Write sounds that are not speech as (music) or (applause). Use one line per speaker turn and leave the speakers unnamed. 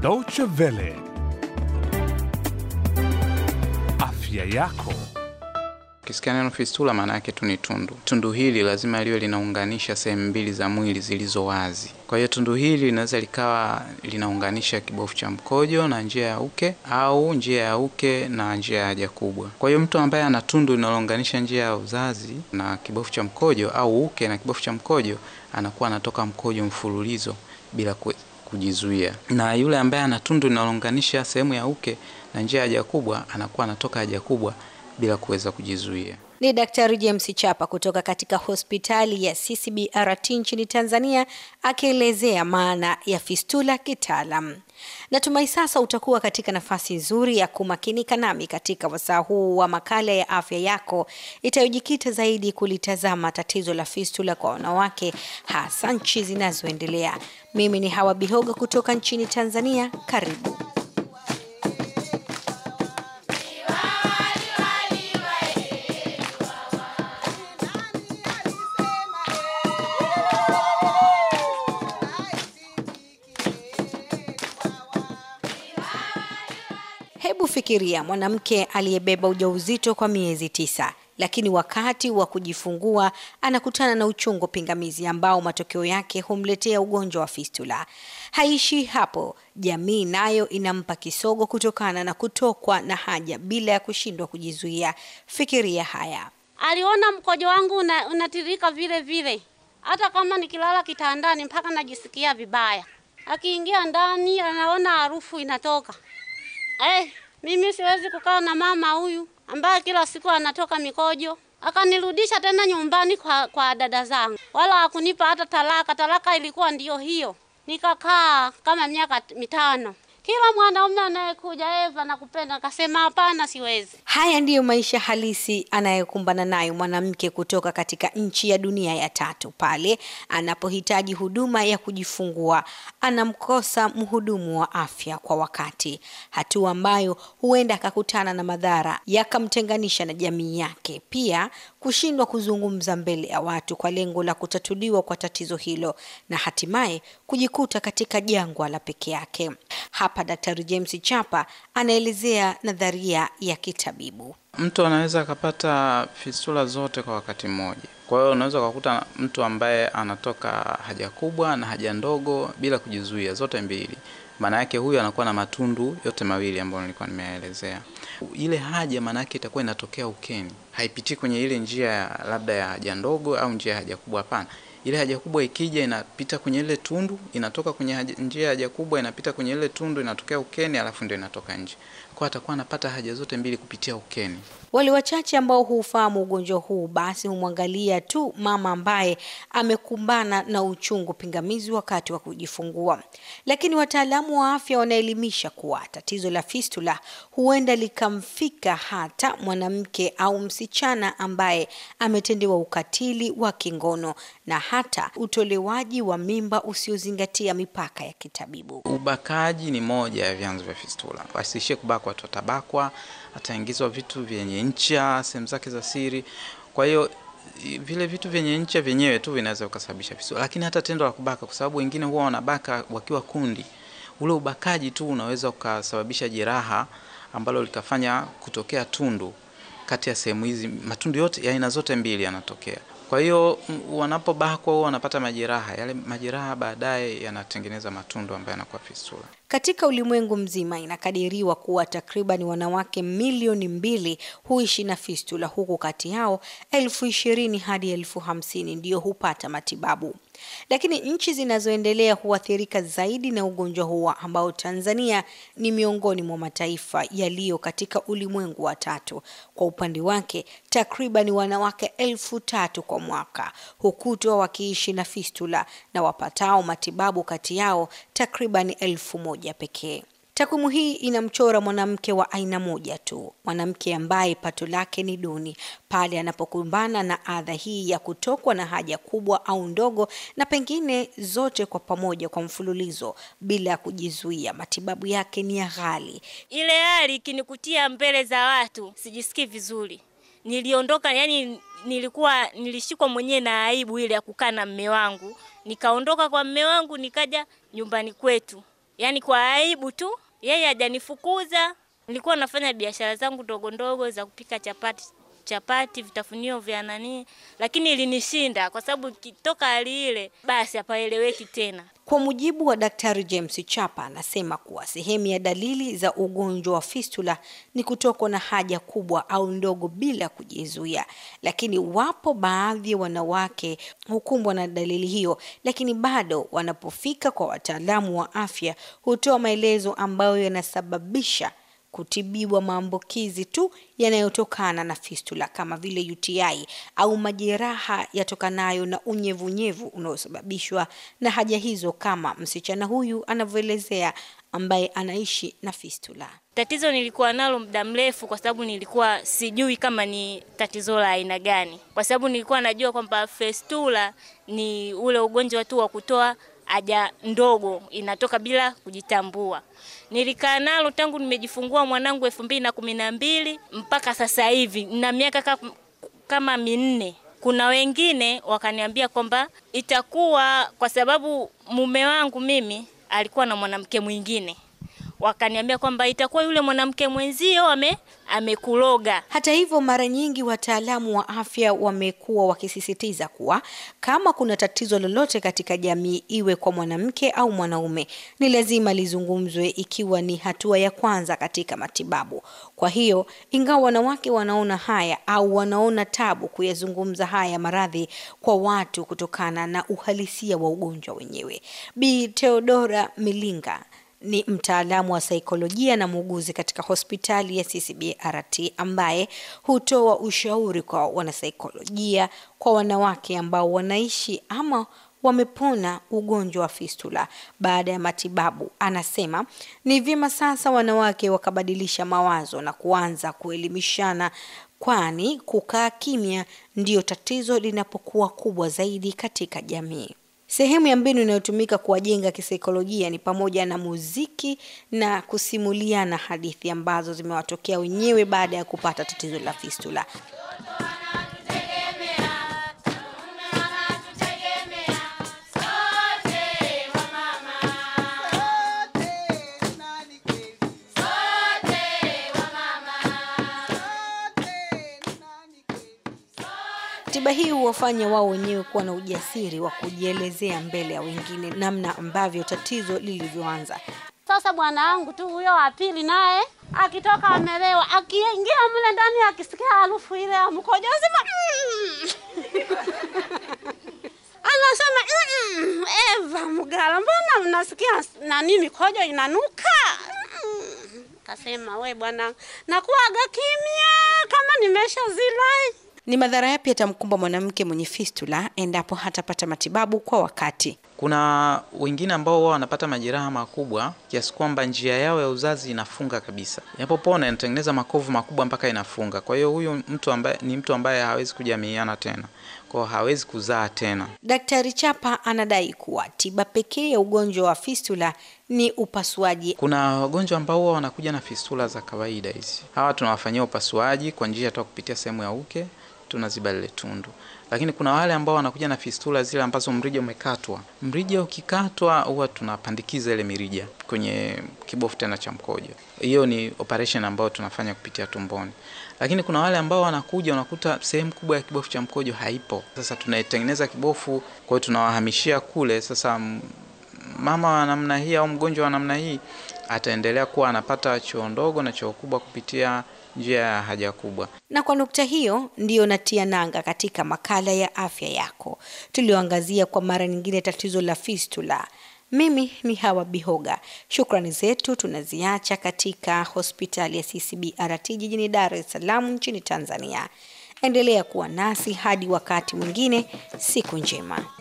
Deutsche Welle. Afya yako. Ukisikia neno fistula maana yake tu ni tundu. Tundu hili lazima liwe linaunganisha sehemu mbili za mwili zilizo wazi. Kwa hiyo tundu hili linaweza likawa linaunganisha kibofu cha mkojo na njia ya uke au njia ya uke na njia ya haja kubwa. Kwa hiyo mtu ambaye ana tundu linalounganisha njia ya uzazi na kibofu cha mkojo au uke na kibofu cha mkojo anakuwa anatoka mkojo mfululizo bila kujizuia, na yule ambaye ana tundu linalounganisha sehemu ya uke na njia ya haja kubwa anakuwa anatoka haja kubwa bila kuweza kujizuia.
Ni Daktari James Chapa kutoka katika hospitali ya CCBRT nchini Tanzania akielezea maana ya fistula kitaalam. Natumai sasa utakuwa katika nafasi nzuri ya kumakinika nami katika wasaa huu wa makala ya afya yako itayojikita zaidi kulitazama tatizo la fistula kwa wanawake hasa nchi zinazoendelea. Mimi ni Hawa Bihoga kutoka nchini Tanzania. Karibu. Hebu fikiria mwanamke aliyebeba ujauzito kwa miezi tisa, lakini wakati wa kujifungua anakutana na uchungu pingamizi ambao matokeo yake humletea ugonjwa wa fistula. Haishi hapo, jamii nayo inampa kisogo kutokana na kutokwa na haja bila ya kushindwa kujizuia. Fikiria haya.
Aliona mkojo wangu una, unatirika vile vile, hata kama nikilala kitandani mpaka najisikia vibaya. Akiingia ndani, anaona harufu inatoka Eh, mimi siwezi kukaa na mama huyu ambaye kila siku anatoka mikojo akanirudisha tena nyumbani kwa, kwa dada zangu, wala hakunipa hata talaka. Talaka ilikuwa ndiyo hiyo, nikakaa kama miaka mitano kila mwanaume anayekuja Eva nakupenda, akasema hapana, siwezi.
Haya ndiyo maisha halisi anayekumbana nayo mwanamke kutoka katika nchi ya dunia ya tatu, pale anapohitaji huduma ya kujifungua anamkosa mhudumu wa afya kwa wakati, hatua ambayo huenda akakutana na madhara yakamtenganisha na jamii yake. Pia kushindwa kuzungumza mbele ya watu kwa lengo la kutatuliwa kwa tatizo hilo na hatimaye kujikuta katika jangwa la peke yake. Hapa Daktari James Chapa anaelezea nadharia ya kitabibu.
Mtu anaweza akapata fistula zote kwa wakati mmoja. Kwa hiyo unaweza ukakuta mtu ambaye anatoka haja kubwa na haja ndogo bila kujizuia, zote mbili. Maana yake huyu anakuwa na matundu yote mawili ambayo nilikuwa nimeyaelezea ile haja maanake itakuwa inatokea ukeni, haipitii kwenye ile njia labda ya haja ndogo au njia ya haja kubwa, hapana ile haja kubwa ikija inapita kwenye ile tundu, inatoka kwenye haja, njia ya haja kubwa inapita kwenye ile tundu, inatokea ukeni, alafu ndio inatoka nje. Kwa atakuwa anapata haja zote mbili kupitia ukeni.
Wale wachache ambao huufahamu ugonjwa huu, basi humwangalia tu mama ambaye amekumbana na uchungu pingamizi wakati wa kujifungua, lakini wataalamu wa afya wanaelimisha kuwa tatizo la fistula huenda likamfika hata mwanamke au msichana ambaye ametendewa ukatili wa kingono na hata utolewaji wa mimba usiozingatia mipaka ya kitabibu.
Ubakaji ni moja ya vyanzo vya fistula. Asiishie kubakwa tu, atabakwa, ataingizwa vitu vyenye ncha sehemu zake za siri. Kwa hiyo vile vitu vyenye ncha vyenyewe tu vinaweza ukasababisha fistula, lakini hata tendo la kubaka, kwa sababu wengine huwa wanabaka wakiwa kundi. Ule ubakaji tu unaweza ukasababisha jeraha ambalo likafanya kutokea tundu kati ya sehemu hizi, matundu yote ya aina zote mbili yanatokea. Kwa hiyo wanapobakwa huwa wanapata majeraha, yale majeraha baadaye yanatengeneza matundu ambayo yanakuwa fistula.
Katika ulimwengu mzima inakadiriwa kuwa takriban wanawake milioni mbili huishi na fistula, huku kati yao elfu ishirini hadi elfu hamsini ndiyo hupata matibabu. Lakini nchi zinazoendelea huathirika zaidi na ugonjwa huo ambao Tanzania ni miongoni mwa mataifa yaliyo katika ulimwengu wa tatu. Kwa upande wake, takriban wanawake elfu tatu kwa mwaka hukutwa wakiishi na fistula na wapatao matibabu kati yao takriban elfu moja moja pekee. Takwimu hii inamchora mwanamke wa aina moja tu, mwanamke ambaye pato lake ni duni. Pale anapokumbana na adha hii ya kutokwa na haja kubwa au ndogo, na pengine zote kwa pamoja kwa mfululizo, bila ya kujizuia, matibabu yake ni ya ghali.
Ile hali ikinikutia mbele za watu, sijisikii vizuri. Niliondoka, yani nilikuwa nilishikwa mwenyewe na aibu ile ya kukaa na mme wangu, nikaondoka kwa mme wangu, nikaja nyumbani kwetu yani kwa aibu tu, yeye hajanifukuza. Nilikuwa nafanya biashara zangu ndogo ndogo za kupika chapati chapati, vitafunio vya nani, lakini ilinishinda kwa sababu kitoka hali ile basi hapaeleweki tena.
Kwa mujibu wa Daktari James Chapa, anasema kuwa sehemu ya dalili za ugonjwa wa fistula ni kutokwa na haja kubwa au ndogo bila kujizuia, lakini wapo baadhi ya wanawake hukumbwa na dalili hiyo, lakini bado wanapofika kwa wataalamu wa afya hutoa maelezo ambayo yanasababisha kutibiwa maambukizi tu yanayotokana na fistula kama vile UTI au majeraha yatokanayo na unyevunyevu unaosababishwa na haja hizo kama msichana huyu anavyoelezea ambaye anaishi na fistula.
Tatizo nilikuwa nalo muda mrefu, kwa sababu nilikuwa sijui kama ni tatizo la aina gani, kwa sababu nilikuwa najua kwamba fistula ni ule ugonjwa tu wa kutoa haja ndogo, inatoka bila kujitambua. Nilikaa nalo tangu nimejifungua mwanangu elfu mbili na kumi na mbili mpaka sasa hivi na miaka kama minne. Kuna wengine wakaniambia kwamba itakuwa kwa sababu mume wangu mimi alikuwa na mwanamke mwingine wakaniambia kwamba itakuwa yule mwanamke mwenzio ame,
amekuloga. Hata hivyo, mara nyingi wataalamu wa afya wamekuwa wakisisitiza kuwa kama kuna tatizo lolote katika jamii, iwe kwa mwanamke au mwanaume, ni lazima lizungumzwe, ikiwa ni hatua ya kwanza katika matibabu. Kwa hiyo, ingawa wanawake wanaona haya au wanaona tabu kuyazungumza haya maradhi kwa watu kutokana na uhalisia wa ugonjwa wenyewe, Bi Theodora Milinga ni mtaalamu wa saikolojia na muuguzi katika hospitali ya CCBRT ambaye hutoa ushauri kwa wanasaikolojia kwa wanawake ambao wanaishi ama wamepona ugonjwa wa fistula baada ya matibabu. Anasema ni vyema sasa wanawake wakabadilisha mawazo na kuanza kuelimishana, kwani kukaa kimya ndiyo tatizo linapokuwa kubwa zaidi katika jamii. Sehemu ya mbinu inayotumika kuwajenga kisaikolojia ni pamoja na muziki na kusimuliana hadithi ambazo zimewatokea wenyewe baada ya kupata tatizo la fistula. Tiba hii huwafanya wao wenyewe kuwa na ujasiri wa kujielezea mbele ya wengine namna ambavyo tatizo lilivyoanza.
Sasa bwana wangu tu huyo wa pili naye akitoka amelewa, akiingia mle ndani, akisikia harufu ile ya mkojo sema anasema mm, (laughs) Eva Mgala, mbona mnasikia nani mikojo inanuka? kasema we bwana, nakuaga kimya kama nimeshazila
ni madhara yapi yatamkumba mwanamke mwenye fistula endapo hatapata matibabu kwa wakati?
Kuna wengine ambao wao wanapata majeraha makubwa kiasi kwamba njia yao ya uzazi inafunga kabisa, inapopona inatengeneza makovu makubwa mpaka inafunga. Kwa hiyo huyu mtu ambaye ni mtu ambaye hawezi kujamiiana tena, kwa hawezi kuzaa tena.
Daktari Chapa anadai kuwa tiba pekee ya ugonjwa wa fistula ni upasuaji.
Kuna wagonjwa ambao huwa wanakuja na fistula za kawaida hizi, hawa tunawafanyia upasuaji kwa njia hata kupitia sehemu ya uke tunaziba lile tundu. Lakini kuna wale ambao wanakuja na fistula zile ambazo mrija umekatwa. Mrija ukikatwa, huwa tunapandikiza ile mirija kwenye kibofu tena cha mkojo. Hiyo ni operation ambayo tunafanya kupitia tumboni. Lakini kuna wale ambao wanakuja, unakuta sehemu kubwa ya kibofu cha mkojo haipo. Sasa tunaitengeneza kibofu, kwa hiyo tunawahamishia kule. Sasa mama wa namna hii au mgonjwa wa namna hii ataendelea kuwa anapata choo ndogo na choo kubwa kupitia njia ya haja kubwa.
Na kwa nukta hiyo ndiyo natia nanga katika makala ya afya yako tulioangazia kwa mara nyingine tatizo la fistula. Mimi ni Hawa Bihoga. Shukrani zetu tunaziacha katika hospitali ya CCBRT jijini Dar es Salaam nchini Tanzania. Endelea kuwa nasi hadi wakati mwingine. Siku njema.